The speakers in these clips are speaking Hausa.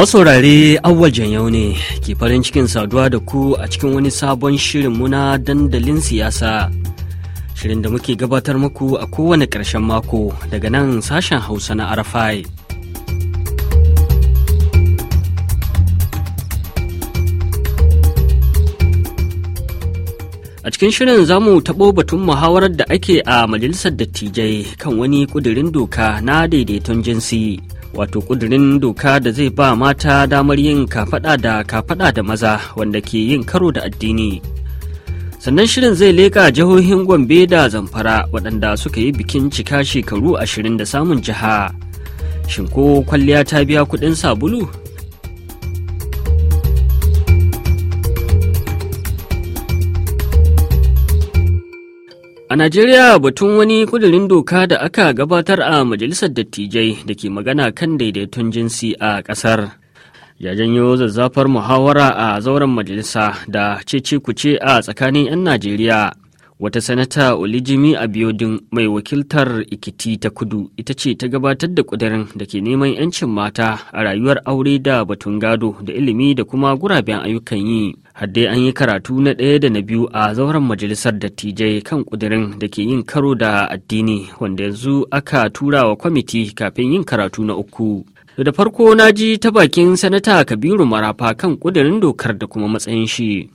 masaurare awwal yau ne ke farin cikin saduwa da ku a cikin wani sabon shirin muna dandalin siyasa shirin da muke gabatar muku a kowane ƙarshen mako daga nan sashen hausa na arafai a cikin shirin za mu taɓo batun muhawarar da ake a majalisar dattijai kan wani ƙudurin doka na daidaiton jinsi. wato kudirin doka da zai ba mata damar yin kafada da kafada da maza wanda ke yin karo da addini sannan shirin zai leƙa jihohin gombe da zamfara waɗanda suka yi bikin cika shekaru ashirin da samun jiha shin ko kwalliya ta biya kuɗin sabulu A Najeriya batun wani kudirin doka da aka gabatar a Majalisar Dattijai da ke magana kan daidaiton jinsi a ƙasar. Ya janyo zazzafar muhawara a zauren majalisa da cece kuce a tsakanin 'yan Najeriya. wata sanata olijimi abiodun mai wakiltar ikiti ta kudu ita ce ta gabatar da kudirin da ke neman 'yancin mata a rayuwar aure da batun gado da ilimi da kuma guraben ayyukan yi dai an yi karatu na ɗaya da na biyu a zauren majalisar dattijai kan kudirin da ke yin karo da addini wanda yanzu aka tura wa kwamiti kafin yin karatu na uku da farko na ji ta bakin sanata kabiru marafa kan kudirin dokar da kuma matsayin shi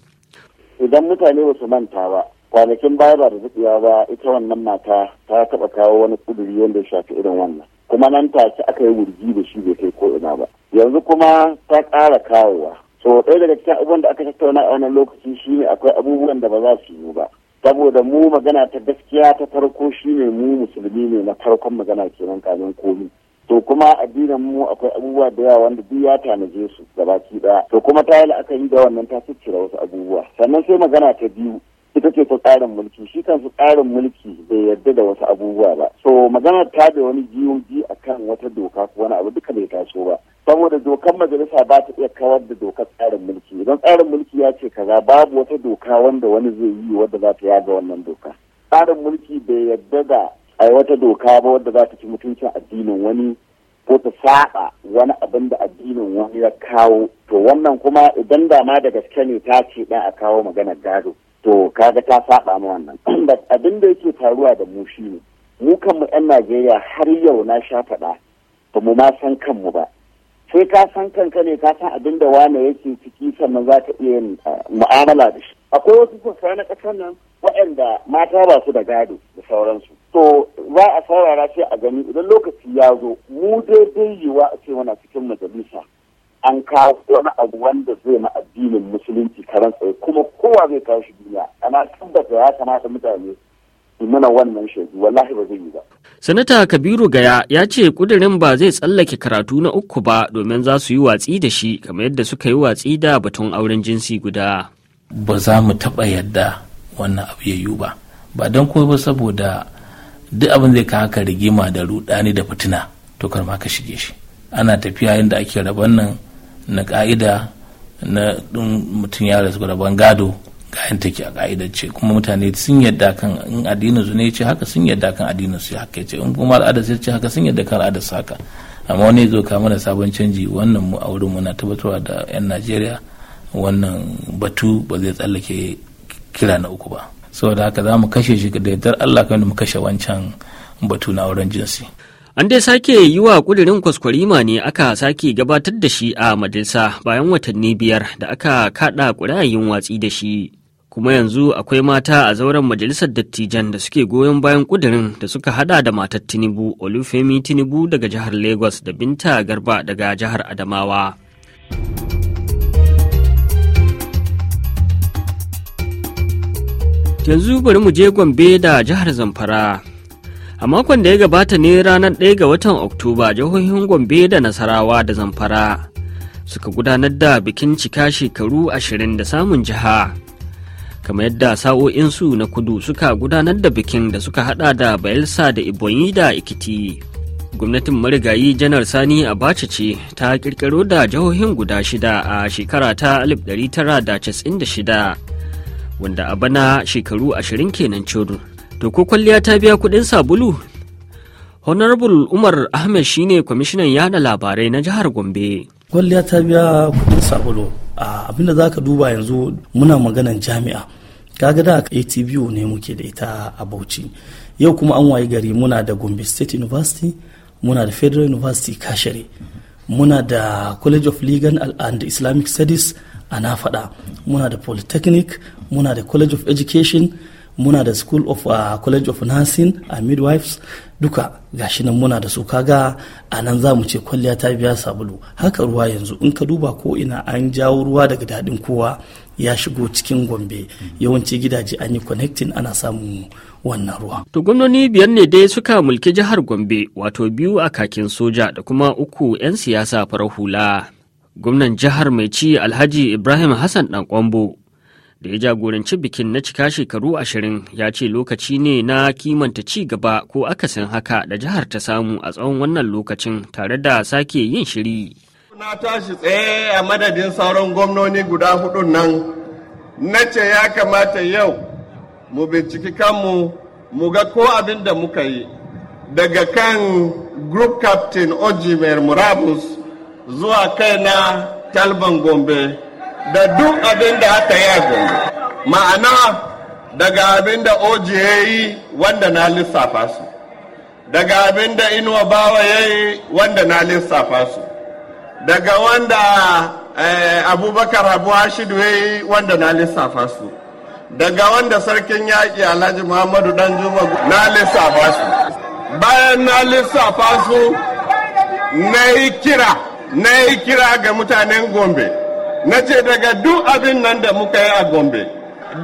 idan mutane ba su manta ba kwanakin baya ba da zubiya ba ita wannan mata ta taɓa kawo wani kuduri wanda ya shafi irin wannan kuma nan ta ci aka yi wurgi da shi bai kai ko ina ba yanzu kuma ta ƙara kawowa so ɗaya daga cikin abubuwan da aka tattauna a wannan lokaci shine akwai abubuwan da ba za su yiwu ba saboda mu magana ta gaskiya ta farko shine mu musulmi ne na farkon magana kenan kamin komi to kuma addinin mu akwai abubuwa da yawa wanda duk ya tanaje su gabaki daya to kuma ta yi la'akari da wannan ta ciccire wasu abubuwa sannan sai magana ta biyu ita ce ta tsarin mulki shi kan kansu tsarin mulki bai yarda da wasu abubuwa ba so magana ta da wani jiyoji kan wata doka ko wani abu duka bai taso ba saboda dokan majalisa ba ta iya kawar da dokar tsarin mulki idan tsarin mulki ya ce kaza babu wata doka wanda wani zai yi wadda za ta yaga wannan doka tsarin mulki bai yarda da ai wata doka ba wadda za ta ci mutuncin addinin wani ko ta saba wani abin da addinin wani ya kawo to wannan kuma idan da da gaske ne ta ce ɗan a kawo maganar gado to kaga ta saba mu wannan abin da yake taruwa da mu shi ne mu kanmu 'yan najeriya har yau na sha faɗa ba mu ma san kanmu ba sai ka san kanka ne ka san abin da wane yake ciki sannan za ka iya yin ah, mu'amala da shi akwai wasu sassa na ƙasar nan waɗanda mata ba su da gado da sauransu to za a saurara sai a gani idan lokaci ya zo mu daidai yiwa a ce muna cikin majalisa an kawo wani abu wanda zai na addinin musulunci karan tsaye kuma kowa zai kawo shi duniya ana tabbata ya kamata mutane su mana wannan shaidu wallahi ba zai yi ba. sanata kabiru gaya ya ce kudirin ba zai tsallake karatu na uku ba domin za su yi watsi da shi kamar yadda suka yi watsi da batun auren jinsi guda. ba za mu taɓa yadda wannan abu ya yiwu ba ba don kuma ba saboda duk abin zai kawo ka rigima da rudani da fitina to kar ma ka shige shi ana tafiya yadda ake rabon nan na ka'ida na ɗin mutum ya rasu rabon gado yin take a ka'idance kuma mutane sun yadda kan in addinin su ne ce haka sun yadda kan addinin su haka ce in kuma al'ada sai ce haka sun yadda kan al'ada su haka amma wani zo kama da sabon canji wannan mu a wurin muna tabbatarwa da 'yan najeriya wannan batu ba zai tsallake kira na uku ba saboda haka za mu kashe shi da yardar allah kan mu kashe wancan batu na auren jinsi An dai sake yi wa kudirin kwaskwarima ne aka sake gabatar da shi a majalisa bayan watanni biyar da aka kada ƙuri'ayin watsi da shi. Kuma yanzu akwai mata a zauren majalisar dattijan da suke goyon bayan kudirin da suka hada da matar Tinubu, Olufemi Tinubu daga jihar Lagos da Binta Garba daga jihar Adamawa. Yanzu bari mu je Gombe da jihar Zamfara. a makon da ya gabata ne ranar 1 ga watan oktoba jihohin gombe da nasarawa da zamfara suka gudanar da bikin cika shekaru ashirin da samun jiha kamar yadda sa'o'insu na kudu suka gudanar da bikin da suka hada da bayelsa da ibonyi da ikiti gwamnatin marigayi janar sani abacha ce ta kirkiro da jihohin guda shida a shekara ta 1996 wanda a bana shekaru ashirin kenan ciro To ko kwalliya ta biya kuɗin sabulu? Honorable Umar Ahmed shine kwamishinan yada labarai na jihar Gombe. Kwalliya ta biya kuɗin sabulu. Abinda za ka duba yanzu muna maganan jami'a. Kaga da ATBU ne muke da ita a Bauchi. Yau kuma an wayi gari muna da Gombe State University, muna da Federal University Kashere. muna da college of legal and islamic studies a na faɗa muna da polytechnic muna da college of education muna da school of uh, college of nursing a midwives duka gashi nan muna da su kaga a nan za mu ce kwalliya ta biya sabulu haka ruwa yanzu in ka duba ko ina an jawo ruwa daga daɗin kowa ya shigo cikin gombe yawanci gidaje an yi connecting ana samun wannan ruwa. To gwamnoni biyar ne dai suka mulki jihar Gombe wato biyu a kakin soja da kuma uku 'yan siyasa farar hula. Gwamnan jihar mai ci Alhaji Ibrahim Hassan kwambo. da ya jagoranci bikin na cika shekaru ashirin ya ce lokaci ne na kimanta ci gaba ko akasin haka da jihar ta samu a tsawon wannan lokacin tare da sake yin shiri. Na tashi tsaye a madadin sauran gwamnoni guda hudun nan, na ce ya kamata yau mu binciki kanmu mu ga ko abin da muka yi daga kan group captain Oji Murabus zuwa na Talban Gombe. da duk abin da aka yi a gombe ma'ana daga abin da oji ya yi wanda na lissafa su daga abin da inuwa bawa ya yi wanda na lissafa su daga wanda eh, abubakar abu hashidu ya yi wanda na lissafa su daga wanda sarkin yaƙi alhaji muhammadu juma na lissafa su bayan na lissafa su na yi kira na yi kira ga mutanen gombe na ce daga duk abin nan da muka yi a gombe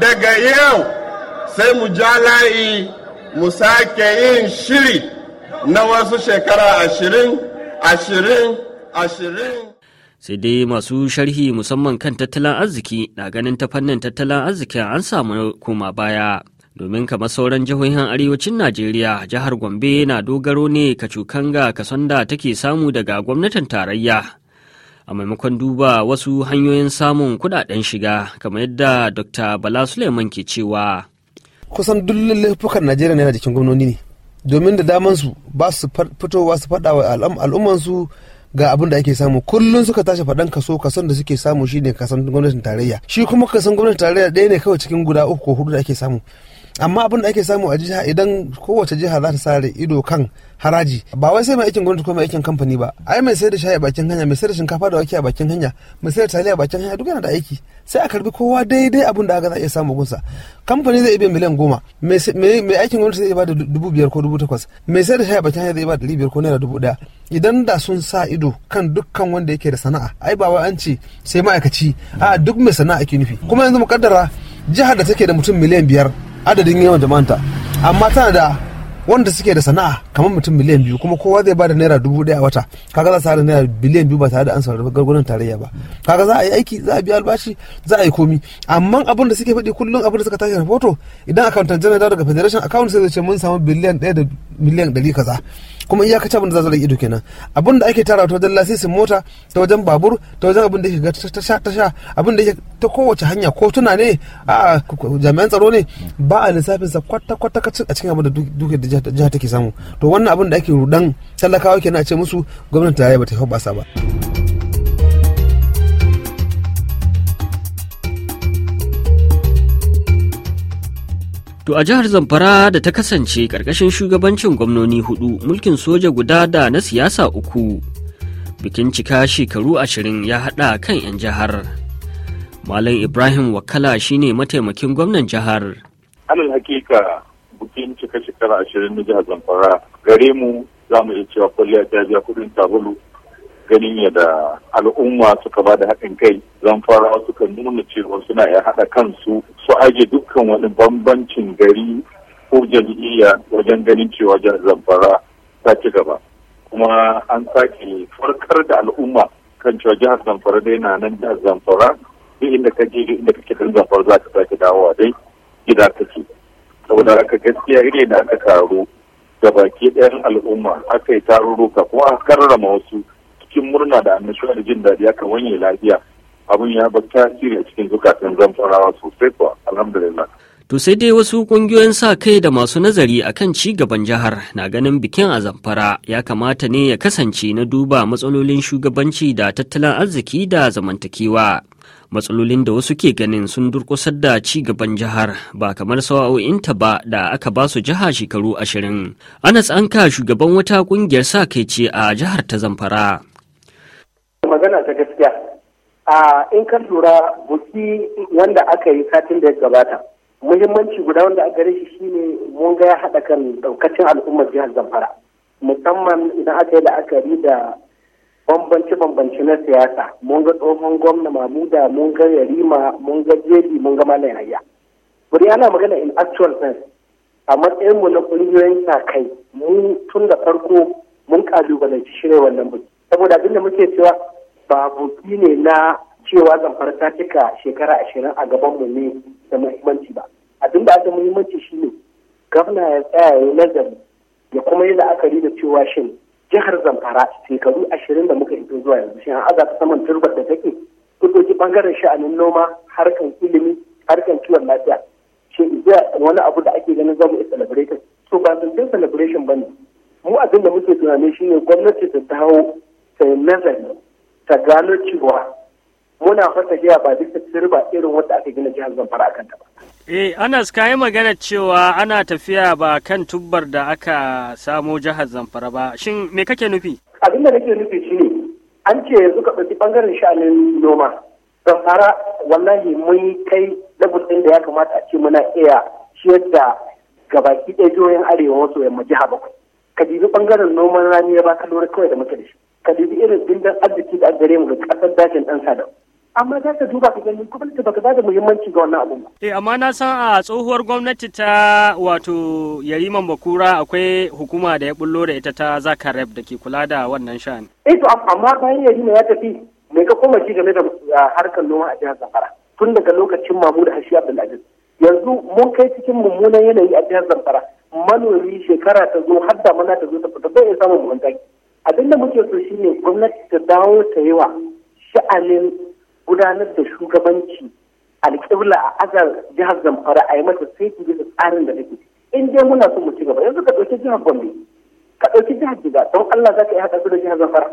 daga yau sai mu ja layi mu sake yin shiri na wasu shekara ashirin ashirin ashirin sai dai masu sharhi musamman kan tattalin arziki na ganin ta fannin tattalin arzikin an samu koma baya domin kamar sauran jihohin arewacin najeriya jihar gombe na dogaro ne ka ka kason da take samu daga gwamnatin tarayya a maimakon duba wasu hanyoyin samun kudaden shiga kamar yadda dr bala suleiman ke cewa kusan duk laifukan najeriya na jikin gwamnoni ne domin da daman su ba su fitowa su fada wa al'ummansu ga abin da ake samu kullum suka tashi faɗan kaso kason da suke samu shine kasan gwamnatin tarayya shi kuma kasan gwamnatin tarayya ɗaya ne kawai cikin guda uku ko hudu da ake samu amma abin da ake samu a jiha idan kowace jiha za ta sare ido kan haraji ba wai sai mai aikin gwamnati ko mai aikin kamfani ba ai mai sayar da shayi a bakin hanya mai sayar da shinkafa da wake a bakin hanya mai sayar da taliya a bakin hanya duk yana da aiki sai a karbi kowa daidai abin da aka za a iya samu gunsa kamfani zai iya miliyan goma mai aikin gwamnati zai iya ba da dubu biyar ko dubu takwas mai sayar da shayi a bakin hanya zai iya ba da dubu biyar ko naira dubu ɗaya idan da sun sa ido kan dukkan wanda yake da sana'a ai ba wai an ce sai ma'aikaci a duk mai sana'a ake nufi kuma yanzu mu kaddara jihar da take da mutum miliyan biyar adadin yawan jama'anta amma tana da wanda suke da sana'a kamar mutum miliyan biyu kuma kowa zai bada naira dubu daya a wata kaga za su hada naira biliyan biyu ba tare da an saurari gargunan tarayya ba kaga za a yi aiki za a biya albashi za a yi komi amma abin da suke faɗi kullum abin da suka tashi rahoto idan akawuntan janar daga federation account sai zai ce mun samu biliyan ɗaya da miliyan dari kaza kuma iyakaci abin da za su rage ido kenan abin da ake tara ta wajen lasisin mota ta wajen babur ta wajen abin da yake ta sha ta sha abin da ta kowace hanya ko tuna ne a jami'an tsaro ne ba a lissafin sa kwata kwata a cikin abin da duke da jiha take samu to wannan abin da ake rudan talakawa ke na ce musu gwamnatin tarayya ba ta hoɓasa ba To a jihar Zamfara da ta kasance ƙarƙashin shugabancin gwamnoni hudu mulkin soja guda da na siyasa uku. Bikin cika shekaru ashirin ya haɗa kan 'yan jihar. Malam Ibrahim Wakala shine mataimakin gwamnan jihar. Alal hakika bikin cika shekaru ashirin na jihar Zamfara gare mu za mu iya cewa kwalliya ta biya kudin sabulu ganin yadda al'umma suka ba da haɗin kai zamfara kan nuna cewa suna iya haɗa kansu su aje dukkan wani bambancin gari ko jam'iyya wajen ganin cewa jihar zamfara ta ci gaba kuma an sake farkar da al'umma kan cewa jihar zamfara dai na nan jihar zamfara duk inda ka je duk inda ka ke kan zamfara za ka sake dawowa dai gida ce saboda haka gaskiya ne da aka karu da baki ɗayan al'umma aka yi tarurruka kuma aka karrama wasu cikin murna da annashuwa da jin daɗi aka wanye lafiya abun ya bar tasiri a cikin zukatan zamfarawa sosai kuwa alhamdulillah. To sai dai wasu ƙungiyoyin sa kai da masu nazari akan ci gaban jihar na ganin bikin a zamfara ya kamata ne ya kasance na duba matsalolin shugabanci da tattalin arziki da zamantakewa. matsalolin da wasu ke ganin sun durkusar da ci gaban jihar ba kamar sawa'o'inta ba da aka ba su jiha shekaru ashirin ana tsanka shugaban wata kungiyar sa kai ce a jihar ta zamfara magana ta gaskiya a in ka lura buki wanda aka yi satin da ya gabata muhimmanci guda wanda aka shi shine mun ga ya haɗa kan ɗaukacin al'ummar jihar zamfara musamman idan aka yi la'akari da bambance-bambance na siyasa mun ga tsohon gwamna mamuda mun ga yarima mun ga jebi mun ga malam hayya bari ana magana in actual sense a matsayin mu na ƙungiyoyin sa kai mu tun da farko mun kalubalanci shirye wannan buki saboda abinda muke cewa ba buki ne na cewa zamfara ta cika shekara ashirin a gaban mu ne da muhimmanci ba abin da aka muhimmanci shine gwamna ya tsaya ya nazari ya kuma yi la'akari da cewa shin jihar zamfara shekaru ashirin da muka ita zuwa yanzu shi an aza saman turbar da take kun ɗauki bangaren sha'anin noma harkan ilimi harkan kiwon lafiya shi zuwa wani abu da ake ganin zamu celebrate so ba zancen celebration ba ne mu abin da muke tunani shine gwamnati ta dawo ta yi nazari ta gano cewa muna fata jiya ba duka turba irin wadda aka gina jihar zamfara akan ta ba Eh, Anas ka yi magana cewa ana tafiya ba kan tubbar da aka samo jihar Zamfara ba. Shin me kake nufi? Abin da nake nufi shine an ce yanzu ka ɗauki ɓangaren sha'anin noma. Zamfara wallahi mun kai level ɗin da ya kamata a ce muna iya ciyar da gabaki ɗaya jihohin arewa wasu yamma jiha bakwai. Ka dibi ɓangaren noman rani ya ba ka lura kawai da muke da shi. Ka dibi irin dindin arziki da gare mu da ƙasar dajin ɗan sadau. amma za ka duba ka gani gwamnati baka bada muhimmanci ga wannan abun. Eh amma na san a tsohuwar gwamnati ta wato Yariman Bakura akwai hukuma da ya bullo da ita ta Zakareb da ke kula da wannan sha'ani. Eh to amma bayan Yarima ya tafi me ka koma shi game da harkar noma a jihar Zamfara tun daga lokacin Mahmud Hashi Abdulaziz. Yanzu mun kai cikin mummunan yanayi a jihar Zamfara manomi shekara ta zo har damana ta zo ta fita bai samun mataki. Abin da muke so shine gwamnati ta dawo ta yawa sha'anin gudanar da shugabanci alƙibla a azar jihar zamfara a yi mata sai bisa tsarin da take in dai muna son mu ci gaba yanzu ka ɗauki jihar gombe ka ɗauki jihar jiga don allah za ka iya haɗa su da jihar zamfara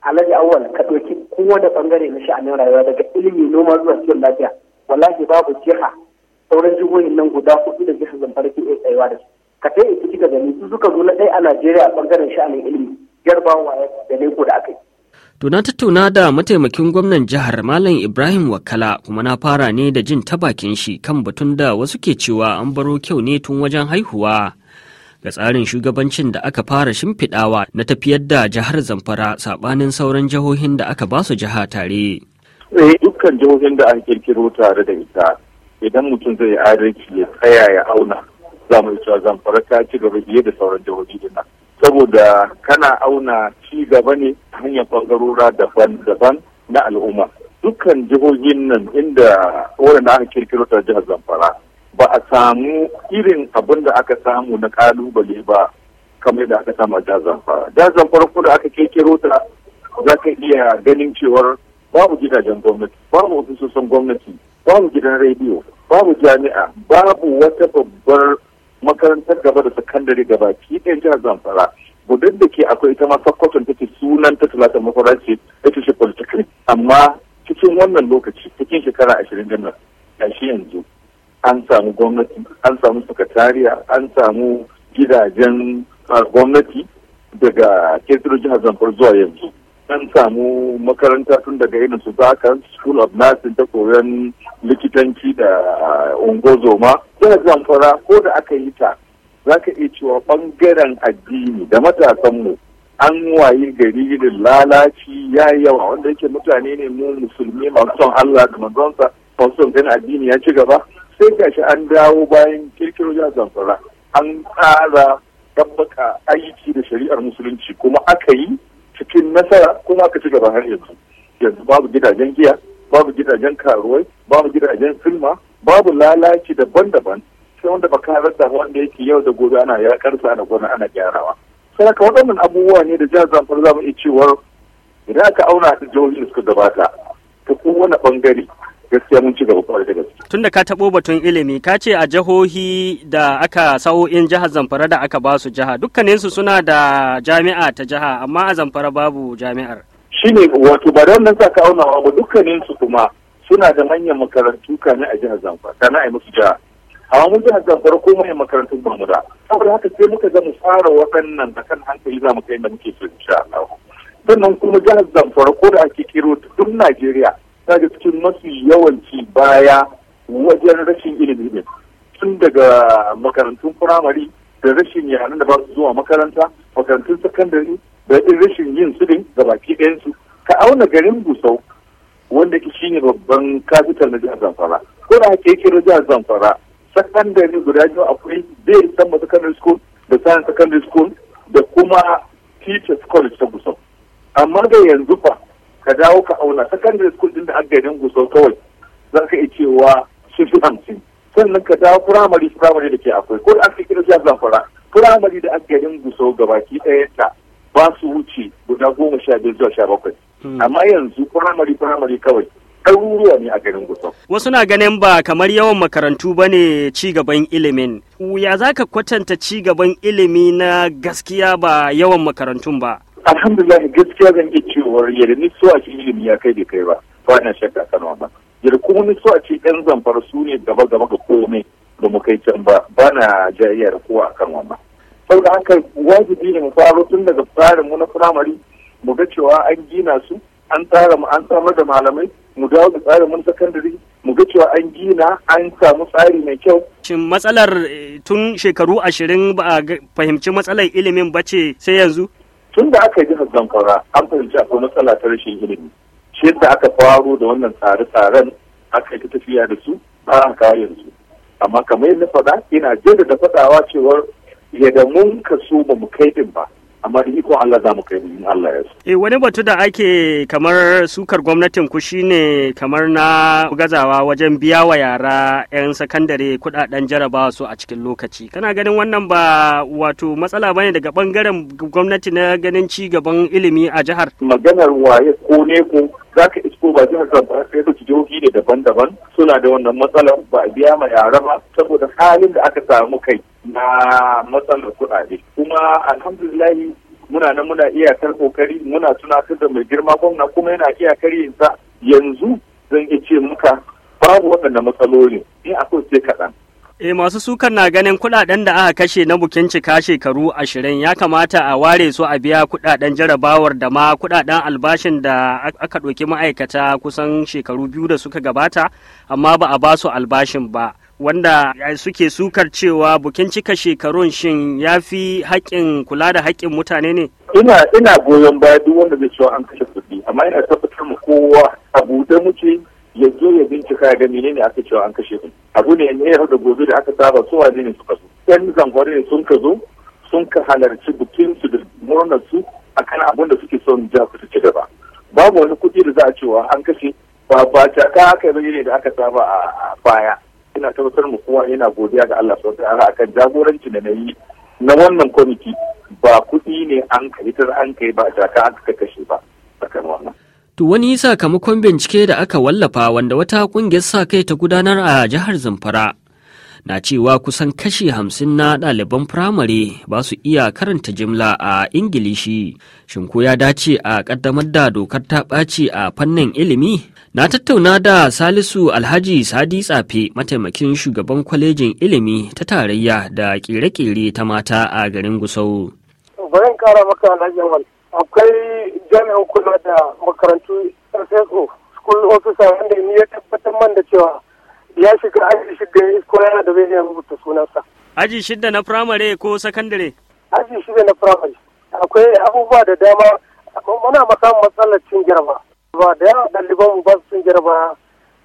alhaji awwal ka ɗauki da ɓangare na sha'anin rayuwa daga ilimi noma zuwa kiwon lafiya wallahi babu jiha sauran jihohin nan guda hudu da jihar zamfara ke iya tsayawa da su ka kai ita ciki da gani su suka zo na ɗaya a najeriya a ɓangaren sha'anin ilimi jarbawa da leko da aka yi To na tattauna da mataimakin gwamnan jihar Malam Ibrahim Wakala kuma na fara ne da jin ta bakin shi kan batun da wasu ke cewa an baro kyau ne tun wajen haihuwa. Ga tsarin shugabancin da aka fara shimfiɗawa na tafiyar da jihar Zamfara saɓanin sauran jihohin da aka ba su jiha tare. Eh dukkan jihohin da an kirkiro tare da ita idan mutum zai adalci ya tsaya ya auna za mu cewa Zamfara ta ci gaba fiye da sauran jihohi nan. saboda kana auna ci gaba ne a hanyar bangarora daban-daban na al'umma dukkan jihohin nan inda waɗanda aka kirkiro ta jihar zamfara ba a samu irin abin da aka samu na kalubale ba kamar da aka samu a jihar zamfara jihar zamfara ko da aka kirkiro ta za ka iya ganin cewar babu gidajen gwamnati babu ofisoson gwamnati babu gidan rediyo babu jami'a babu wata babbar makarantar gaba da sakandare gaba ki ɗayan jihar zamfara gudun da ke akwai ita ma sakkwaton take sunan ta talata ita ce polytechnic amma cikin wannan lokaci cikin shekara ashirin nan shi yanzu an samu gwamnati an samu sakatariya an samu gidajen ah, gwamnati daga kirkiro jihar zamfara zuwa yanzu an samu makaranta tun daga irin su zaka school of nursing ta koyon likitanci da uh, ungozoma jihar zamfara ko da aka yi ta za ka iya cewa bangaren addini da matasanmu an waye gari da lalaci ya yi yawa wanda yake mutane ne mu musulmi masu son Allah da manzonsa masu son addini ya ci gaba sai gashi an dawo bayan kirkiro jihar zamfara an tsara tabbata aiki da shari'ar musulunci kuma aka yi cikin nasara kuma aka ci gaba har yanzu yanzu babu gidajen giya babu gidajen karuwai babu gidajen filma babu lalaci daban-daban sai wanda baka rasa wanda yake yau da gobe ana yakar sa ana gona ana gyarawa ka waɗannan abubuwa ne da jihar Zamfara za mu iya cewa idan aka auna da jihohi da suka gabata ta kowane bangare gaskiya mun ci gaba kwarai da gaske. Tun da ka taɓo batun ilimi, ka ce a jihohi da aka sa'o'in jihar Zamfara da aka ba su jiha, dukkaninsu suna da jami'a ta jiha, amma a Zamfara babu jami'ar. Shi ne wato ba da wannan sa ka auna ba dukkaninsu kuma suna da manyan makarantu kane a jihar Zamfara, kana a musu jiha. Amma mun jihar Zamfara ko manyan makarantu ba mu da. Saboda haka sai muka ga mu tsara waɗannan da kan hankali za mu kai da muke so insha Allah. Sannan kuma jihar Zamfara ko da ake kiro duk Najeriya daga cikin mafi yawanci baya wajen rashin ilimi ne tun daga makarantun firamare da rashin yaran da ba su zuwa makaranta makarantun sakandare da rashin yin su din ga baki ɗayansu ka auna garin busau wanda ke shine babban kafital na jihar zamfara ko da haka yake na jihar zamfara sakandare guda biyu akwai bai san secondary school da sanin secondary school da kuma teachers college ta busau amma da yanzu fa ka dawo ka auna secondary school din da agajin gusau kawai za ka iya cewa sun fi hamsin sannan ka dawo firamare firamare da ke akwai ko da aka kira shi zamfara firamare da agajin gusau gabaki ɗaya ta ba su wuce guda goma sha biyar zuwa sha bakwai hmm. amma yanzu firamare firamare kawai ɗaruruwa ne a garin Gusau. Wasu na ganin ba kamar yawan makarantu ba ne cigaban ilimin. Ya za ka kwatanta cigaban ilimi na gaskiya ba yawan makarantun ba? Alhamdulillah gaskiya zan iya cewar yalmi suwa ce ilimi ya kai da kai ba to ana shakka kan wannan kuma ni ce yan zamfara su ne gaba gaba ga komai da mu kai can ba ba na jayyar ko a kan wannan saboda haka wajibi ne mu faro tun daga tsarin mu na firamare mu ga cewa an gina su an tsara mu an samar da malamai mu dawo da tsarin mun sakandare mu ga cewa an gina an samu tsari mai kyau. Shin matsalar eh, tun shekaru ashirin ba a fahimci matsalar ilimin bace ce sai yanzu? tun da aka yi jihar zamfara an fahimci akwai matsala ta rashin ilimi shi yadda aka faro da wannan tsare-tsaren aka yi ta tafiya da su ba a kawo yanzu amma kamar yadda faɗa ina da faɗawa cewar yadda mun kaso ba mu kai din ba amma da iko Allah za mu kai mu Allah ya so. Eh wani batu da ake kamar sukar gwamnatin ku shine kamar na gazawa wajen biya wa yara 'yan sakandare kudaden jarabawa su a cikin lokaci. Kana ganin wannan ba wato matsala bane daga bangaren gwamnati na ganin ci gaban ilimi a jihar? Maganar waye ko ne ko za ka isko ba jihar Zamfara sai su jihohi ne daban-daban suna da wannan matsalar ba a biya ma yara ba saboda halin da aka samu kai na matsalar kuɗaɗe kuma alhamdulillahi muna nan muna iyakar kokari muna tunatar da mai girma gwamna kuma yana iyakar sa yanzu zan iya ce muka babu waɗanda matsaloli in akwai sai kaɗan E masu sukan na ganin kuɗaɗen da aka kashe na bukin cika shekaru ashirin ya kamata a ware su a biya kuɗaɗen jarabawar da ma kuɗaɗen albashin da aka ɗauki ma'aikata kusan shekaru biyu da suka gabata amma ba a ba su albashin ba. Wanda suke sukar cewa bukin cika shekarun shin ya fi haƙƙin kula da haƙƙin mutane ne? Ina ina goyon baya duk wanda zai cewa an kashe kuɗi amma ina tabbatar mu kowa a buɗe muke ya zo ya bincika ga menene aka cewa an kashe kun. abu ne ne yau da gobe da aka saba su waje ne suka zo yan zangwari ne sun ka zo sun ka halarci bikin su da murnar su akan abin da suke son ja su ci gaba babu wani kuɗi da za a cewa an kashe ba ba ta ka aka yi ne da aka saba a baya ina tabbatar mu kuma yana godiya ga Allah sosai. ta'ala akan jagoranci da na na wannan kwamiti ba kuɗi ne an kai ta an kai ba jaka aka kashe ba akan wannan To wani sakamakon bincike da aka wallafa wanda wata ƙungiyar sa kai ta gudanar a jihar Zamfara na cewa kusan kashi hamsin na ɗaliban firamare ba su iya karanta jimla a Ingilishi. Shin ko ya dace a ƙaddamar da dokar ta ɓaci a fannin ilimi? Na tattauna da Salisu Alhaji Sadi Tsafe mataimakin shugaban kwalejin ilimi ta tarayya da ƙere-ƙere ta mata a garin Gusau. akwai jami'an kula da makarantu SSO school officer wanda ni ya tabbatar man da cewa ya shiga aji shiga ko yana da zai rubuta sunansa. Aji shida na firamare ko sakandare? Aji shida na firamare. Akwai abubuwa da dama muna masa matsalar cin girma. Ba da yawa ɗaliban mu ba su cin girma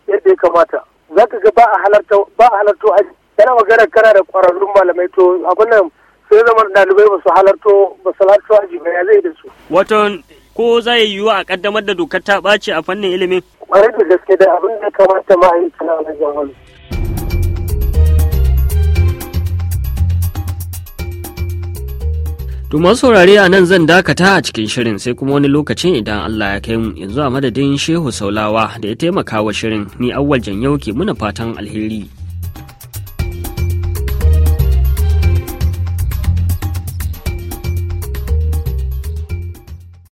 yadda ya kamata. Za ka ga ba a halarta ba a halarta aji. Yana magana kana da ƙwararrun malamai to abin nan sai zama ɗalibai ba su halarto ba su halarto aji ba ya zai da su. watan ko za ya yiwuwa a kaddamar da dokar ta ɓaci a fannin ilimin? Kwarai da gaske da abin da kamata ma a yi kana wajen saurare a nan zan dakata a cikin shirin sai kuma wani lokacin idan Allah ya kai mu yanzu a madadin Shehu Saulawa da ya taimaka wa shirin ni awwal janyo ke muna fatan alheri.